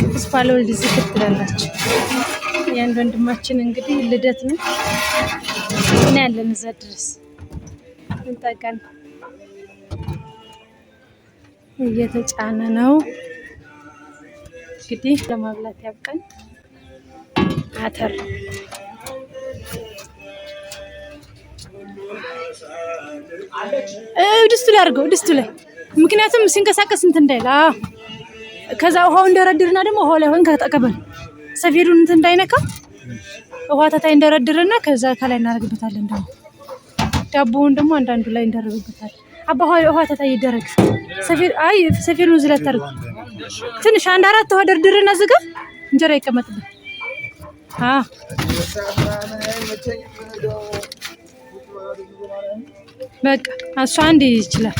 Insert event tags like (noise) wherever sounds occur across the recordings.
ቅዱስ ባለወልድ ዝክር ትላላችሁ። የአንድ ወንድማችን እንግዲህ ልደት ነው ምን ያለን እዛ ድረስ እንጠቀን እየተጫነ ነው እንግዲህ ለማብላት ያብቀን። አተር ድስቱ ላይ አድርገው፣ ድስቱ ላይ ምክንያቱም ሲንቀሳቀስ እንትን እንዳይል ከዛ ውሃው እንደረድርና ደግሞ ውሃ ላይ ሆን ከተቀበል ሰፌዱን እንትን እንዳይነካ ውሃ ታታይ እንደረድርና ከዛ ከላይ እናደርግበታለን። ደግሞ ዳቦውን ደግሞ አንዳንዱ ላይ እንደረግበታል። አባ ውሃ ታታይ ይደረግ። አይ ሰፌዱን ዝለት ላይ ትንሽ አንድ አራት ውሃ ደርድርና ዝጋ። እንጀራ ይቀመጥበት። በቃ እሱ አንድ ይችላል።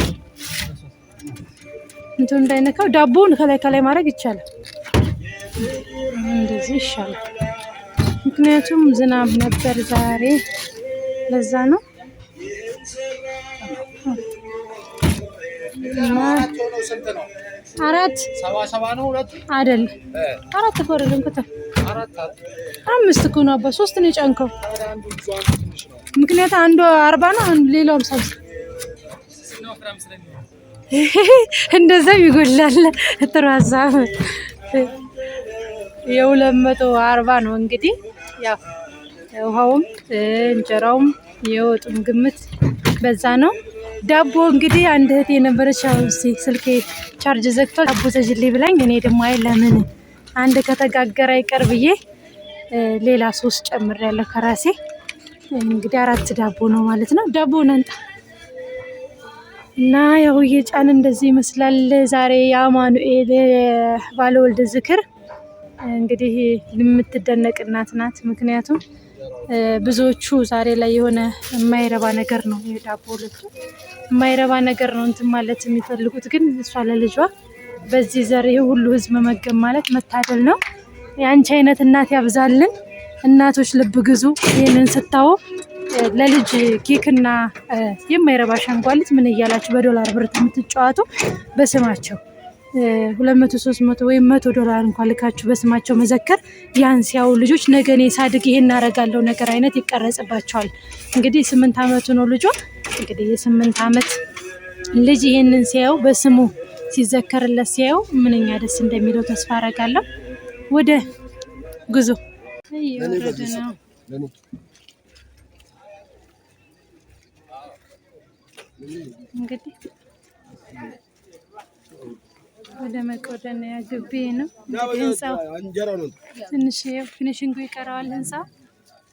እንትን እንዳይነካው ዳቦውን ከላይ ከላይ ማድረግ ይቻላል። እንደዚህ ይሻላል። ምክንያቱም ዝናብ ነበር ዛሬ፣ ለዛ ነው አራት አይደል? አራት እኮ አይደለም፣ ከተል አምስት እኮ ነው። አባ ሶስት ነው የጨንከው። ምክንያት አንዱ አርባ ነው፣ ሌላውም ሰብስ (laughs) እንደዛም ይጎላል። ጥሩ ሀሳብ የሁለት መቶ አርባ ነው እንግዲህ ያው ውሃውም እንጀራውም የወጡም ግምት በዛ ነው። ዳቦ እንግዲህ አንድ እህት የነበረች ያው ስልኬ ቻርጅ ዘግቷል፣ ዳቦ ተጅሌ ብላኝ፣ እኔ ደግሞ አይ ለምን አንድ ከተጋገረ አይቀር ብዬ ሌላ ሶስት ጨምሬያለሁ ከራሴ። እንግዲህ አራት ዳቦ ነው ማለት ነው። ዳቦ ነንጣ እና ያው የጫን እንደዚህ ይመስላል ዛሬ የአማኑኤል ባለወልድ ዝክር። እንግዲህ የምትደነቅ እናት ናት። ምክንያቱም ብዙዎቹ ዛሬ ላይ የሆነ የማይረባ ነገር ነው የዳቦ የማይረባ ነገር ነው እንትን ማለት የሚፈልጉት፣ ግን እሷ ለልጇ በዚህ ዘር ሁሉ ህዝብ መመገብ ማለት መታደል ነው። የአንቺ አይነት እናት ያብዛልን። እናቶች ልብ ግዙ። ይህንን ስታዩ ለልጅ ኬክና የማይረባ ሸንጓሊት ምን እያላችሁ በዶላር ብር የምትጫወቱ በስማቸው ሁለት መቶ ሶስት መቶ ወይም መቶ ዶላር እንኳን ልካችሁ በስማቸው መዘከር ያን ሲያው ልጆች ነገ እኔ ሳድግ ይሄን እናደርጋለሁ ነገር አይነት ይቀረጽባቸዋል። እንግዲህ የስምንት ዓመቱ ነው ልጇ። እንግዲህ የስምንት ዓመት ልጅ ይሄንን ሲያየው በስሙ ሲዘከርለት ሲያየው ምንኛ ደስ እንደሚለው ተስፋ አደርጋለሁ። ወደ ጉዞ እየወረደ ነው። እንግዲህ ወደ መቆደንያ ግቢ ነው ህንፃው። ትንሽ ፊኒሽንጉ ይቀረዋል ህንፃው።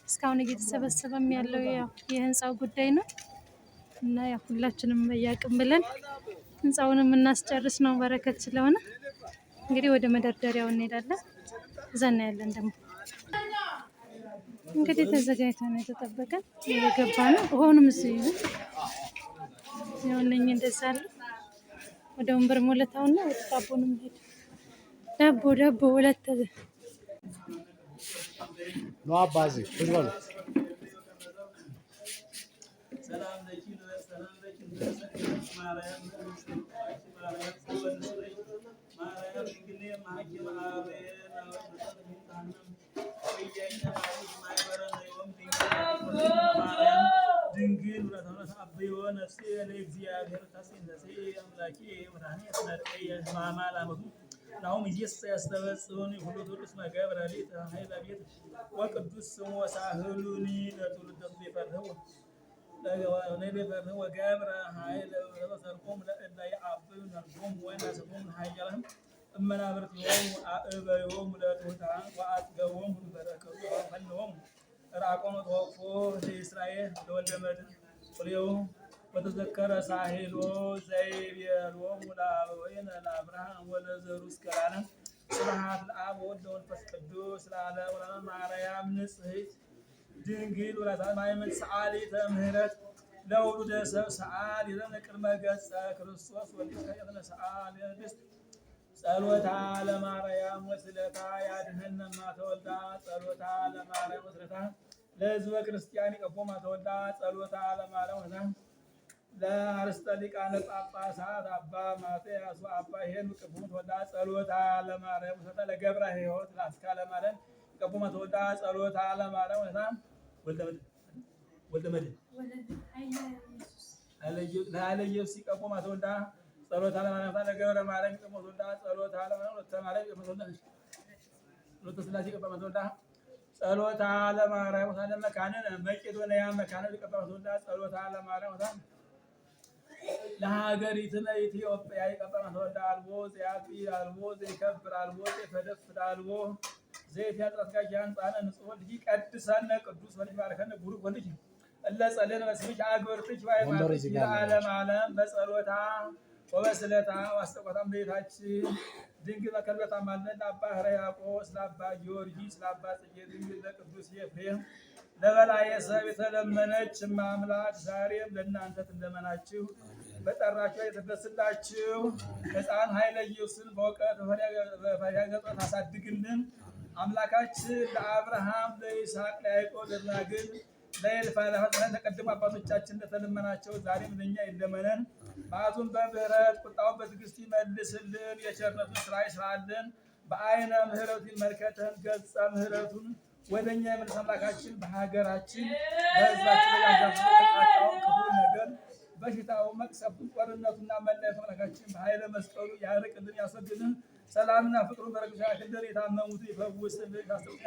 እስካሁን እየተሰበሰበም ያለው የህንፃው ጉዳይ ነው እና ያው ሁላችንም እያቅም ብለን ህንፃውንም እናስጨርስ ነው በረከት ስለሆነ እንግዲህ ወደ መደርደሪያው እንሄዳለን። እዛ እናያለን ደግሞ እንግዲህ ተዘጋጅተን የተጠበቀን የገባ ነው ሆኖም እዚህ የሆነኝ እንደዛ አለ። ወደ ወንበር ሞለታውና ወደ ዳቦ ነው የሚሄድ። ዳቦ ዳቦ ሁለት አባዜ ናሁም እየስ ያስተበጽሁን ሁሉ ቅዱስ መገብረ ሊት ሀይለ ቤት ወቅዱስ ስሙ ሳህሉኒ ለትውልደቱ ይፈርህው ለይፈርህ ወገብረ ሀይለ ለበሰርቆም ለእላ የአብብ ነርጎም ወነስቦም ሀያለህም አእበዮም ለጡታ ወአጥገቦም በረከቱ ፈንዎም ራቆም ተወቅፎ ለእስራኤል ለወልደ መድን ቁልየው ወተዘከረ ሳሂሎ ዘይቤሎሙ ለአበዊነ ለአብርሃም ወለዘሩስከላለም ስብሐት ለአብ ወወልድ ወመንፈስ ቅዱስ ለዓለሙ ለማርያም ንጽሕት ድንግል ወላዲተ አምላክ ሰአሊተ ምሕረት ለውሉደ ሰብ ሰአሊ ቅድመ ገጸ ክርስቶስ ወልድከ ሰአሊ ንግሥት ጸሎታ ለማርያም ወስለታ ያድኅነ እማተወልዳ ጸሎታ ለማርያም ወስለታ ለሕዝበ ክርስቲያን ይቀፎ ማተወልዳ ጸሎታ ለማርያም ወስለታ ለአርስተ ሊቃነ ጳጳሳት አባ ማትያስ አባ ሄኑ ቅቡም ተወልዳ ጸሎታ ለማርያም ወሰተ ለገብረ ሕይወት ላስካ ለማርያም ቅቡም ተወልዳ ጸሎታ ለማርያም ወሰታም ወልደ መድን ለኃይለ ኢየሱስ ቅቡም ተወልዳ ጸሎታ ለማርያም ወሰተ ለገብረ ማርያም ቅቡም ተወልዳ ጸሎታ ለማርያም ወሰተ ስላሴ ቅቡም ተወልዳ ጸሎታ ለማርያም ወሰተ ለመካነን መቄዶንያ መካነን ቅቡም ተወልዳ ጸሎታ ለማርያም ወሰተ ለሀገሪትነ ኢትዮጵያ የቀጠና ተወዳ አልቦ ዘያጢ አልቦ ዘይከብር አልቦ ዘይፈደፍድ አልቦ ዘይት ያጥረስጋጅ አንጻነ ንጹህ ልጅ ቀድሰነ ቅዱስ ወልጅ ባርከነ ቡሩክ ወልጅ እለ ጸለን በስምሽ አግብርትሽ ባይማትሽ ለዓለም ዓለም በጸሎታ ወበስለታ ዋስጠቆታም ቤታችን ድንግል መከልበታ ማለን አባ ህረ ያቆ ስለ አባ ጊዮርጊስ ስለ አባ ጽጌ ድንግል ለቅዱስ ኤፍሬም ለበላየ ሰብ የተለመነች አምላክ ዛሬም ለእናንተ ትለመናችሁ። በጠራችሁ የተደስላችሁ ሕፃን ኃይለ ኢየሱስን በእውቀት በፈሪሃ ታሳድግልን። አምላካችን ለአብርሃም ለይስሐቅ፣ ለያዕቆብ ለናግን ለይልፋላፈን ተቀድሞ አባቶቻችን እንደተለመናቸው ዛሬም ለእኛ ይለመነን። መዓቱን በምሕረት ቁጣውን በትዕግስት ይመልስልን። የቸርነቱን ስራ ይስራልን። በአይነ ምሕረቱ ይመልከተን ገጸ ምሕረቱን ወደ እኛ የመለስ አምላካችን በሀገራችን በህዝባችን ላይ አዛፍ ተቃጣው ክፉ ነገር በሽታው፣ መቅሰፍቱ፣ ጦርነቱና መለየት አምላካችን በኃይለ መስቀሉ ያርቅልን፣ ያስወግድልን። ሰላምና ፍቅሩ በረከቱ ያድልን። የታመሙትን ይፈውስልን፣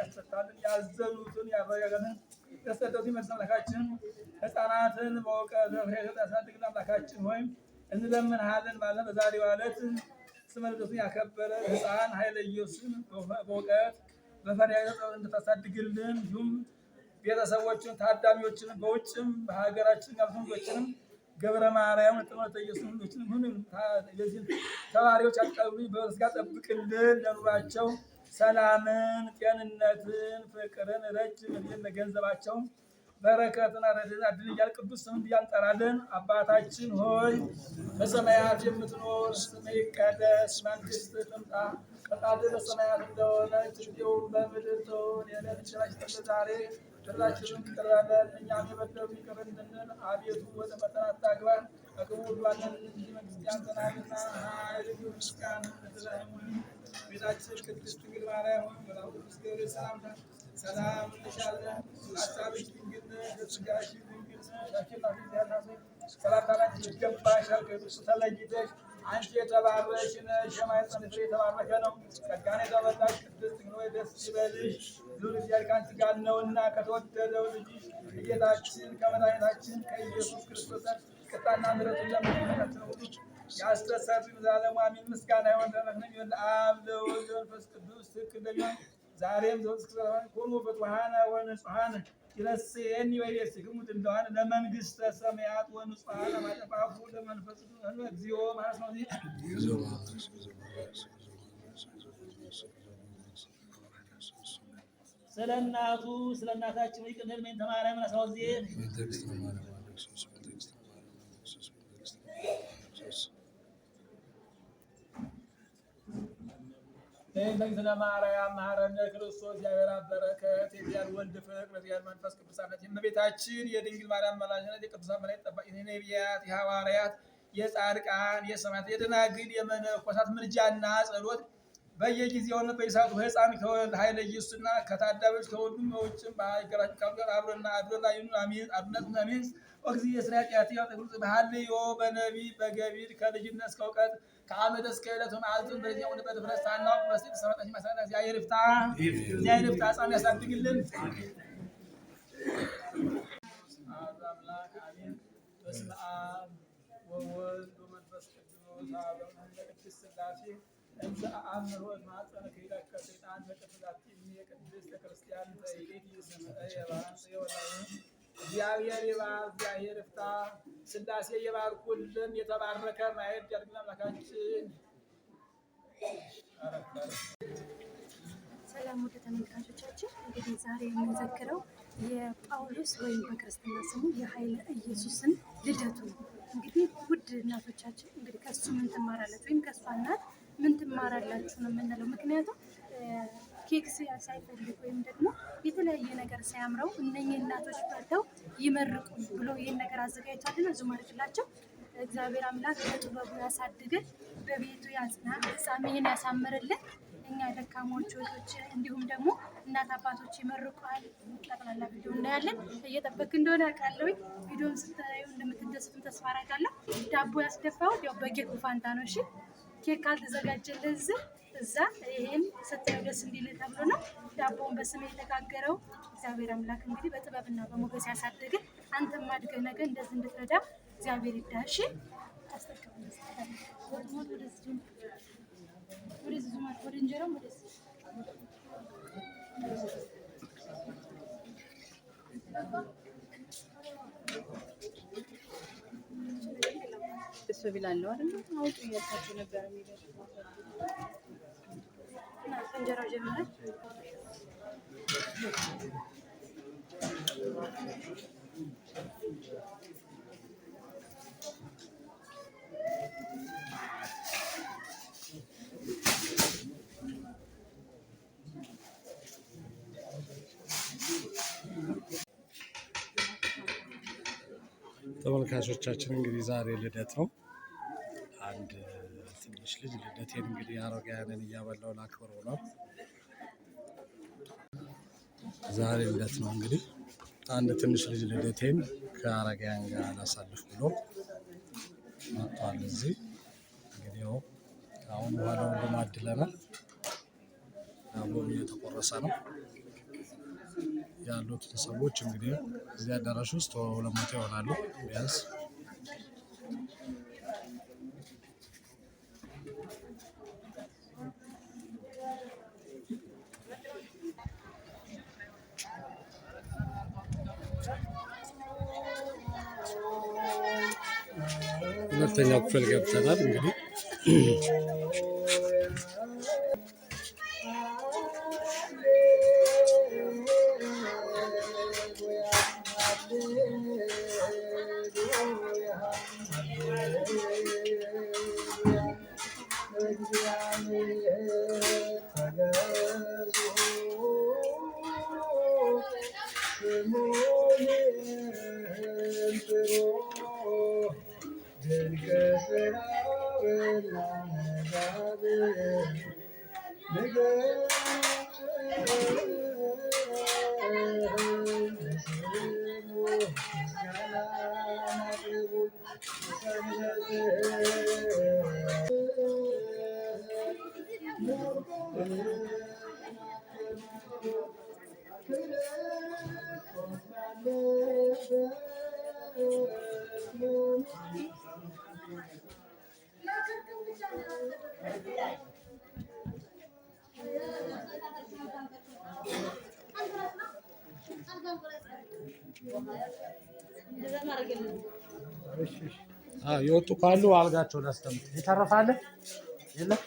ያስፈታልን፣ ያዘኑትን ያረጋጋልን። የተሰደዱትን ይመልስ አምላካችን። ህፃናትን በእውቀት በፍሬት ያሳድግልን አምላካችን ወይም እንለምንሃለን ማለት በዛሬው ዕለት ስመ ልደቱን ያከበረ ህፃን ኃይለ ኢየሱስን በእውቀት በፈሪሃ እንድታሳድግልን እንዲሁም ቤተሰቦችን ታዳሚዎችን በውጭም በሀገራችን ጋብቶችንም ገብረ ማርያም ጥመተ ኢየሱስ ሁሎችንም ሁሉም የዚህን ተማሪዎች አቀባቢ በስጋ ጠብቅልን። ለኑሯቸው ሰላምን፣ ጤንነትን፣ ፍቅርን ረጅም እድሜን ለገንዘባቸው በረከትን ረድን አድል እያል ቅዱስ ስም እያንጠራለን። አባታችን ሆይ በሰማያት የምትኖር ስምህ ይቀደስ፣ መንግስትህ ትምጣ ፈቃድ በሰማያት እንደሆነች እንዲሁም በምድር ትሁን። የዕለት እንጀራችንን ዛሬ ድራችንን ይቅር በለን እኛም የበደሉንን ይቅር እንደምንል፣ አቤቱ ወደ ፈተና አታግባን፣ ከክፉ አድነን እንጂ መንግሥትህ ያንተና ኃይል፣ ምስጋና ለዘላለሙ። ቤታችን ቅድስት ድንግል ማርያም በላሁስ ገብረ ሰላምታ ሰላም እንልሻለን። ሀሳብሽ ድንግል ነሽ፣ ሥጋሽ ድንግል ነሽ። ሰላምታችን ይገባሻል ከብሱ ተለይተሽ አንቺ የተባረክሽ ነሽ፣ የሰማይ ጽንስ የተባረከ ነው። ጸጋን የተመላሽ ቅድስት ሆይ ደስ ይበልሽ፣ ብዙ እግዚአብሔር ከአንቺ ጋር ነውና ከተወደደው ልጅሽ ከጌታችን ከመድኃኒታችን ከኢየሱስ ክርስቶስ ቅጣና ምሕረቱን ለምንመለከተው ልጅ ያስተሰብ ዘላለሙ ምስጋና ይሆን ተመስገን ይሁን ለአብ ለወልድ ለመንፈስ ቅዱስ ትክክል እንደሚሆን ዛሬም ዘወትር እስከ ዘላለሙ ይሁን። ኩኑ ፍጹሐን ይረስየኒ ወይቤስክሙ ድንግል ለመንግሥተ ሰማያት ወንጽሐ ለማጠፋፉ ለመንፈስ እግዚኦ ማለት ነው። ስለ እናቱ ስለ እናታችን ወይቅድሜን ተማርያምን አስራ እም በእግዝእነ ማርያም መሐረነ ክርስቶስ የእግዚአብሔር አብ በረከት የእግዚአብሔር ወልድ ፍቅር የእግዚአብሔር መንፈስ ቅዱሳነት የእመቤታችን የድንግል ማርያም አማላጅነት የቅዱሳን መላእክት ጠባቂነት የነቢያት የሐዋርያት የጻድቃን የሰማዕታት የደናግል የመነኮሳት ምልጃና ጸሎት በየጊዜውና በየሰዓቱ ሕፃን ኃይለ ኢየሱስና ከታዳቢዎች ከሁሉም በውጭም በሀገራችን ካሉ ጋር አብሮና አድሮና ይኑር። አሜን። አብነት አሜን። እግዚእ የስራ ጢያት ያጠቅሉ ባህል በነቢ በገቢር ከልጅነት እስከ እውቀት ከአመተ እስከዕለቱም አዙን በዚያ ወደ በተፈረስ ታናቅ በስብ ሰራጣሽ ማሳና እግዚአብሔር ይፍታ እግዚአብሔር ይፍታ ሕፃን ያሳድግልን። በስመ አብ ወወልድ ወመንፈስ ቅዱስ ቅድስት ሥላሴ እንዘ አእምሮ ማፀነ ከይዳከ ሰይጣን በቅድሳት ክርስቲያን ዘይት ይስምዐ የባህን ጽዮን እግዚአብሔር ይባርክ፣ እግዚአብሔር ይፍታ፣ ሥላሴ ይባርኩልን። የተባረከ ማየት ያድርግና አምላካችን ሰላም ወደ ተመልካቾቻችን እንግዲህ ዛሬ የምንዘክረው የጳውሎስ ወይም በክርስትና ስሙ የኃይለ ኢየሱስን ልደቱ ነው። እንግዲህ ውድ እናቶቻችን እንግዲህ ከሱ ምን ትማራለች ወይም ከእሷ እናት ምን ትማራላችሁ ነው የምንለው። ምክንያቱም ኬክ ሳይፈልግ ወይም ደግሞ የተለያየ ነገር ሳያምረው እነኚህ እናቶች በልተው ይመርቁ ብሎ ይህን ነገር አዘጋጅቷልና ዙ ማድረግላቸው እግዚአብሔር አምላክ በጥበቡ ያሳድገን፣ በቤቱ ያጽና፣ ፍጻሜን ያሳምርልን። እኛ ደካሞች ወቶች እንዲሁም ደግሞ እናት አባቶች ይመርቁሃል። ጠቅላላ ቪዲዮ እናያለን። እየጠበክ እንደሆነ ያውቃለሁኝ። ቪዲዮን ስታዩ እንደምትደሰቱ ተስፋ አደርጋለሁ። ዳቦ ያስደፋው ያው በኬክ ፋንታ ነው። እሺ ኬክ አልተዘጋጀልህ ዝም እዛ ይህም ስታዩ ደስ እንዲል ተብሎ ነው ዳቦውን በስሜ የተጋገረው። እግዚአብሔር አምላክ እንግዲህ በጥበብና በሞገስ ያሳደግን፣ አንተም አድገህ ነገር እንደዚህ እንድትረዳ እግዚአብሔር ይዳሽ። ወደ እንጀራው ደስ አውጡ እያልኳቸው ነበር የሚለው እንጀራ ጀመረች። ተመልካቾቻችን እንግዲህ ዛሬ ልደት ነው። ልጅ ልደቴን እንግዲህ አረጋያንን እያበላው ላክብር ብሏል። ዛሬ ልደት ነው እንግዲህ አንድ ትንሽ ልጅ ልደቴን ከአረጋያን ጋር ላሳልፍ ብሎ መጥቷል። እዚህ እንግዲህ አሁን በኋላውን በማድለናል ዳቦ እየተቆረሰ ነው ያሉት ሰዎች እንግዲህ እዚህ አዳራሽ ውስጥ ሁለት መቶ ይሆናሉ ቢያንስ Kaptan Yalçın Gap Sanar. የወጡ ካሉ አልጋቸውን አስቀምጥ። የተረፋለ የለም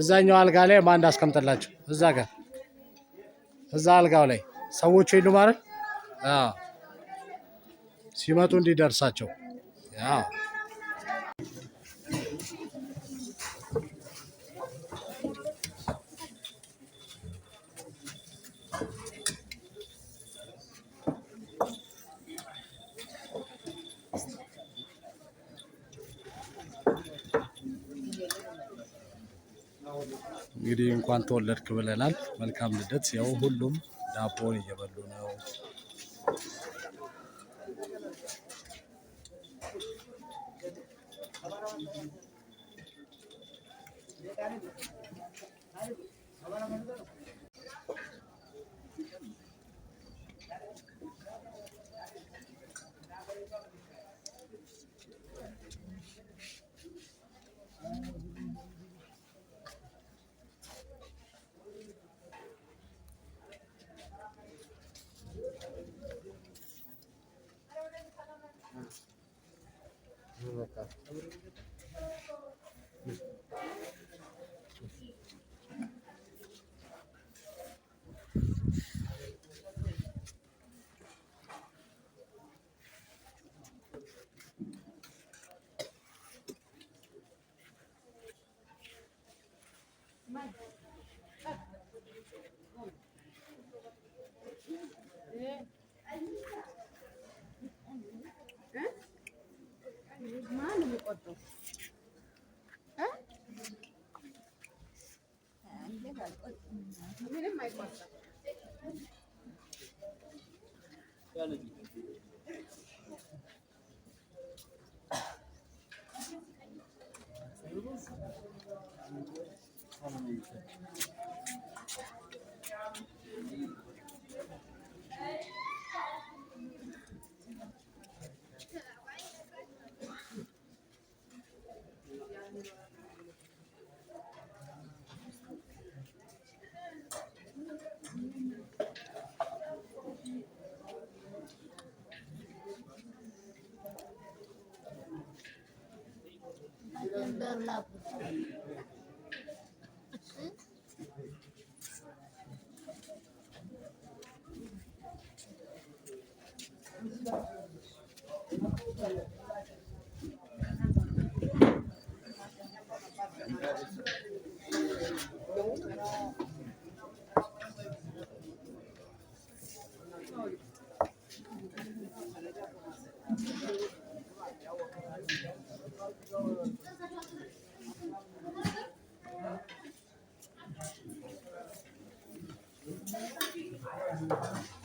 እዛኛው አልጋ ላይ ማን እንዳስቀምጠላቸው እዛ ጋር እዛ አልጋው ላይ ሰዎቹ ሄዱ ማለት ሲመጡ እንዲደርሳቸው እንግዲህ እንኳን ተወለድክ ብለናል። መልካም ልደት። ያው ሁሉም ዳቦን እየበሉ ነው። my question. Thank you.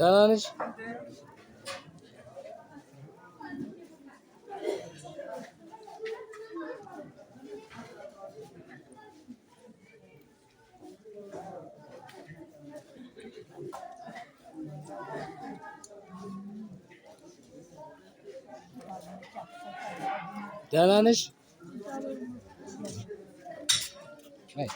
Dananış. Dananış. Hayır.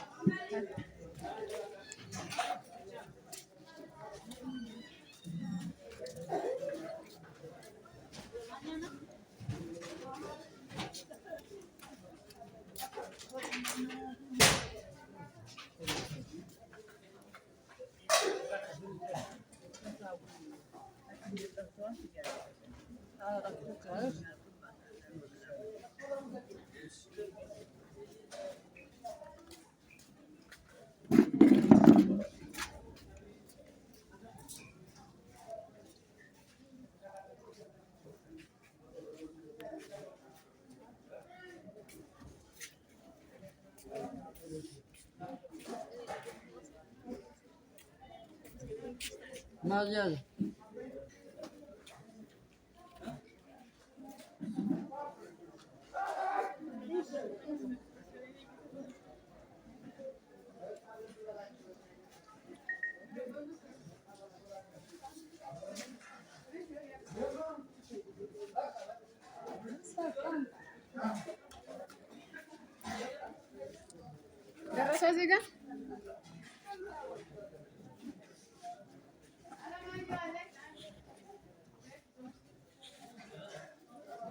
Mariage.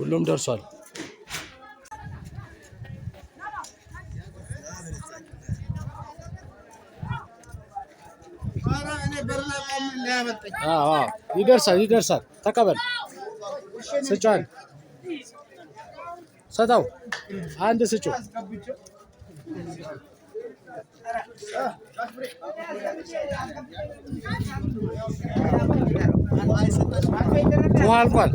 ሁሉም ደርሷል። ይደርሳል ይደርሳል። ተቀበል ስጫን ሰጠው አንድ ስጩ ውሃ አልቋል።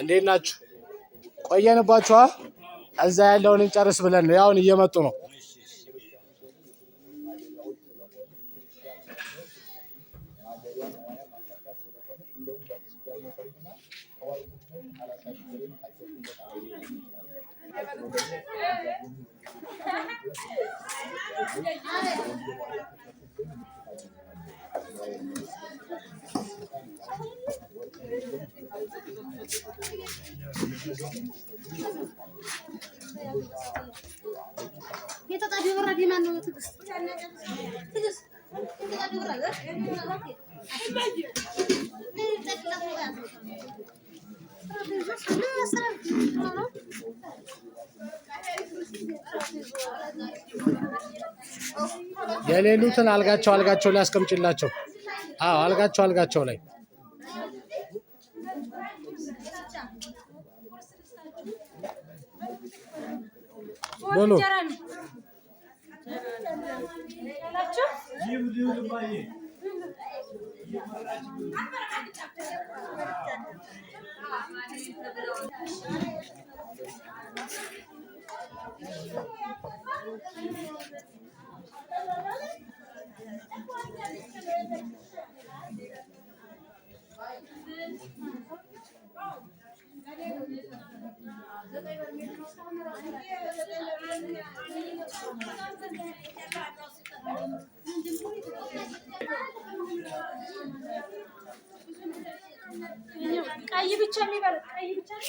እንዴት ናችሁ? ቆየንባችኋ። እዛ ያለውን እንጨርስ ብለን ነው ያውን እየመጡ ነው። የተጣደው ብራድ የማን የሌሉትን አልጋቸው አልጋቸው ሊያስቀምጭላቸው? अलग अलग चले बोलो Thank ቀይ ብቻ የሚበላ ቀይ ብቻ ነው።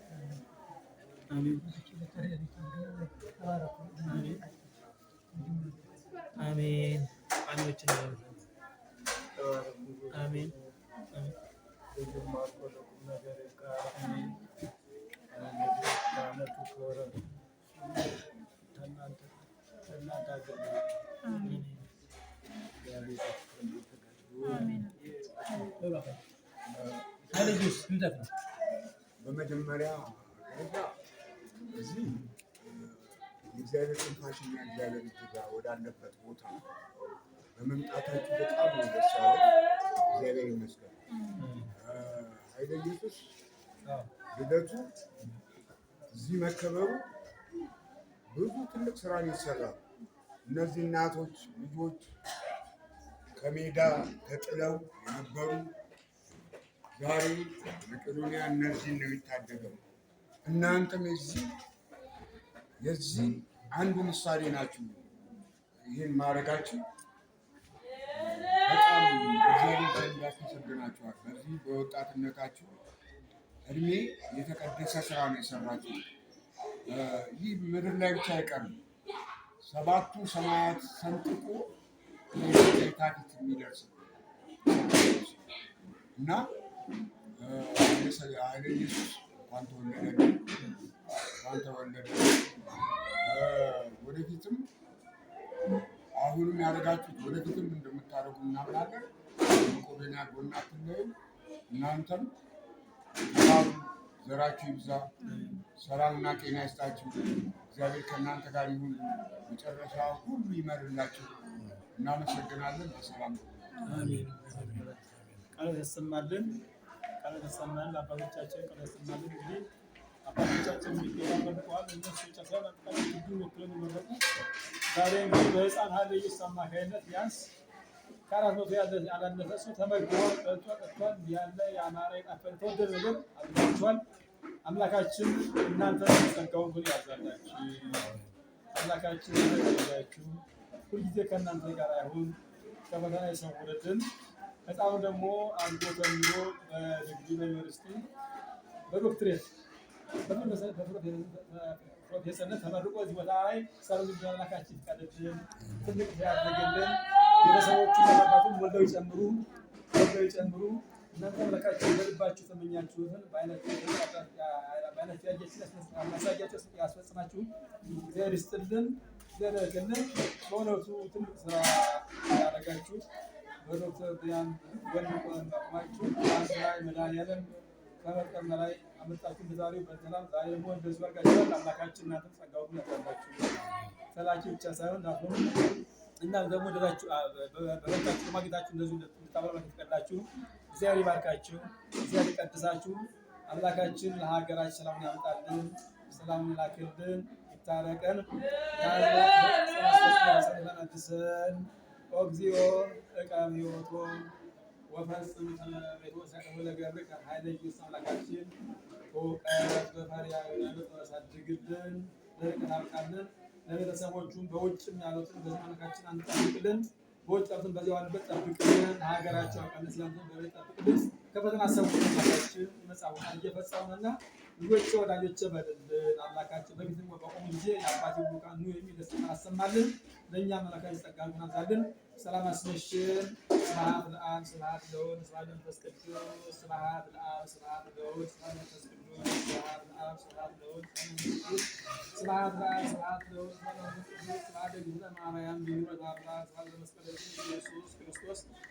አሜን። በመጀመሪያ እዚህ የእግዚአብሔር ትንፋሽና እግዚአብሔር እጅጋ ወዳለበት ቦታ በመምጣታችሁ በጣም ደስ ያለ እግዚአብሔር ይመስገን። ኃይለ ኢየሱስ ልደቱ እዚህ መከበሩ ብዙ ትልቅ ስራ ይሰራል። እነዚህ እናቶች ልጆች ከሜዳ ተጥለው የነበሩ ዛሬ መቄዶንያ እነዚህን ነው የሚታደገው። እናንተም የዚህ የዚህ አንዱ ምሳሌ ናችሁ። ይህን ማድረጋችሁ በጣም እግዚአብሔር ዘንድ በዚህ በወጣትነታችሁ እድሜ የተቀደሰ ስራ ነው የሰራችሁ። ይህ ምድር ላይ ብቻ አይቀርም። ሰባቱ ሰማያት ሰንጥቆ የካቲት የሚደርስ እና ኢየሱስ እንኳን ተወለደ ባልተወለደ ወደፊትም አሁንም ያደረጋችሁት ወደፊትም እንደምታደርጉ እናምናለን። ቆቤና ጎናችን እናንተም ተባሩ፣ ዘራችሁ ይብዛ፣ ሰላምና ጤና ይስጣችሁ። እግዚአብሔር ከእናንተ ጋር ይሁን። መጨረሻ ሁሉ ይመርላችሁ። እናመሰግናለን። በሰላም ቃል ያሰማልን። ቃል ያሰማልን። አባቶቻችን ቃል ያሰማልን። እንግዲህ አባቶቻችን ሚገባ እነሱ ጨሰብ አጠቃላይ ግቢ ወክለን የመረጡ ዛሬ እንግዲህ በህፃን ሀይለ ኢየሱስ አማካኝነት ቢያንስ ከአራት መቶ ያላነሰ ሰው ተመግቧል። ጠጥቶ ጠጥቷል። ያለ የአማራ የጣፈል ተወደደ ነገር አድርጓቸዋል። አምላካችን እናንተ ጸጋውን ሁሉ ያብዛላችሁ። አምላካችን ያችሁ ሁልጊዜ ከእናንተ ጋር አይሁን፣ ከፈተና የሰውረትን ህፃኑ ደግሞ አድጎ ተምሮ በድግሪ በዩኒቨርሲቲ በዶክትሬት ፕሮፌሰርነት ተመርቆ እዚህ ቦታ ላይ ሰሩ አምላካችን ይፍቀድልን። ትልቅ ያደርግልን። ቤተሰቦቹ አባቱን ወልደው ይጨምሩ፣ ወልደው ይጨምሩ። እናንተ አምላካችሁ በልባችሁ ተመኛችሁትን በአይነት ያስፈጽማችሁ። እግዚአብሔር ይስጥልን፣ እግዚአብሔር በእውነቱ ትልቅ ስራ ያደረጋችሁ በዶክተር ያን ጎን ቆመን አንድ ላይ መድኃኒዓለም ከመቀመ ላይ አመጣችሁ በዛሬው በሰላም ዛሬ ደግሞ እንደዚህ አድርጋችኋል። አምላካችን እናንተም ጸጋው ያሳላችሁ። ሰላኪ ብቻ ሳይሆን ናሆም እናንተ ደግሞ ደላችሁ በበረታችሁ ማግኘታችሁ እንደዚህ እንድታበረታችሁ ትቀላችሁ። እግዚአብሔር ይባርካችሁ፣ እግዚአብሔር ይቀድሳችሁ። አምላካችን ለሀገራችን ሰላምን ያምጣልን፣ ሰላምን ላክልን፣ ይታረቀን ያሰላናድሰን ኦግዚኦ እቃሚወቶ ወፈጽም ቤቶሰ ለገብርከ ሀይለ ኢየሱስ አምላካችን በእውቀት በፈሪሃ እግዚአብሔር አሳድግልን፣ በረከት አብቃልን። ለቤተሰቦቹም በውጭም ያሉትን በዘመናችን አንተ በውጭ ያሉትን በዚያ ዋሉበት ጠብቅልን፣ ሀገራቸው አቃልን ስላንተ በቤት ጠብቅልን። ከፈተና ሰዎች ቻችን መጽሐፎችን እየፈጸሙና ልጆቼ ወዳጆቼ በልልን አምላካችን በፊትም በቆሙ ጊዜ የአባቴ ቡቃኑ የሚል ደስታ አሰማልን። ለእኛ አመላካች ጸጋን አብዛልን። ሰላም አስነሽን። ስብሐት ለአብ ስብሐት ለወልድ ስብሐት ለመንፈስ ቅዱስ ስብሐት ለአብ ስብሐት ለወልድ ስብሐት ለመንፈስ ቅዱስ ስብሐት ለአብ ስብሐት ለወልድ ስብሐት ለአብ ስብሐት ለወልድ ስብሐት ለመንፈስ ቅዱስ ስብሐት ለእግዚእነ ማርያም ዲሁ ስብሐት ለመስቀለ ኢየሱስ ክርስቶስ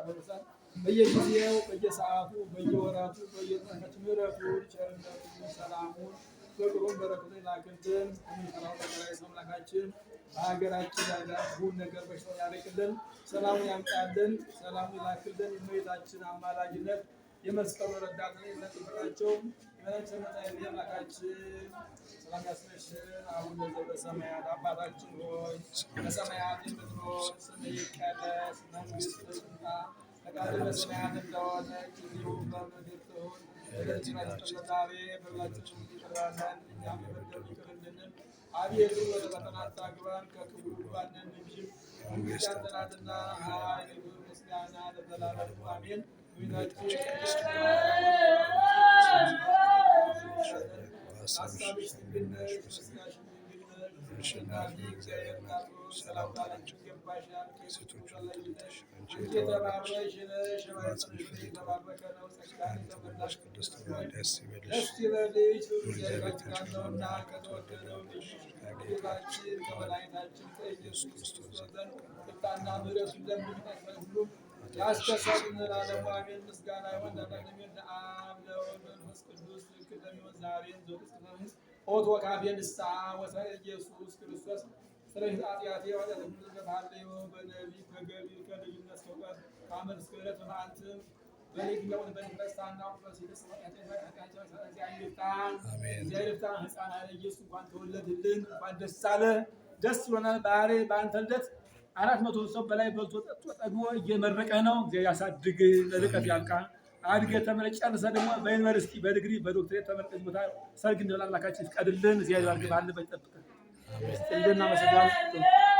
ያበረታል። በየጊዜው በየሰዓቱ በየወራቱ በየጠቀት ምሕረቱ ቸርነቱ ሰላሙን ፍቅሩን በረከቱ ይላክልን። የሚፈራው ተከራይ አምላካችን በሀገራችን ያጋቡን ነገር በሽታ ያርቅልን፣ ሰላሙን ያምጣልን፣ ሰላሙን ይላክልን። የእመቤታችን አማላጅነት የመስቀሉ ረዳት ነጥበቃቸው አቤቱ ወደ ፈተና አታግባን ከክፉ አድነን እንጂ መንግሥት ያንተ ናትና ኃይል፣ ምስጋና ለዘላለሙ አሜን። milletin çıkmasını sarmış günler Şenler güzeller selam tanıcı Sütücün tanıtış Önce tavaraç Vazmış fiyatı Sehari tavaraç Kıbrıs'ta var Desti veriliş Ülzevetin çıkmanına arka tuvatta dönmüş Hergeye tartıştık Kavala Yesus Kristus'a Tanrı'nın Resulü'den bugün ekmek ያስተሰብ ለዓለሙ ምስጋና ይሁን ለቀድሜት ለአብ ለወልድ ቅዱስ ልክ ለሚሆን ዛሬም ዘውስጥ ኦት ወካፌ ንስሐ ወሰ ኢየሱስ ክርስቶስ ስለ ኃጢአቴ ወጠትምዘታለዮ በነቢብ በገቢር ከልጅነት ከእውቀት ከዓመት እስከ ዕለት በመዓልትም በልግለውን በንፈሳናሁ በሲልስጣን ዘልፍታን ህፃን ደስ አለ። አራት መቶ ሰው በላይ በልቶ ጠጥቶ ጠግቦ እየመረቀ ነው። እግዚአብሔር ያሳድግ፣ ለርቀት ያብቃ። አድገህ ተመረቅ፣ ጨርሰህ ደግሞ በዩኒቨርሲቲ በድግሪ በዶክትሬት ተመርቀህ ቦታ ሰርግ እንበላ አምላካችን ይፍቀድልን። እግዚአብሔር ባርክ፣ ባለበት ይጠብቅህ። ስጥልን። አመሰግናለሁ።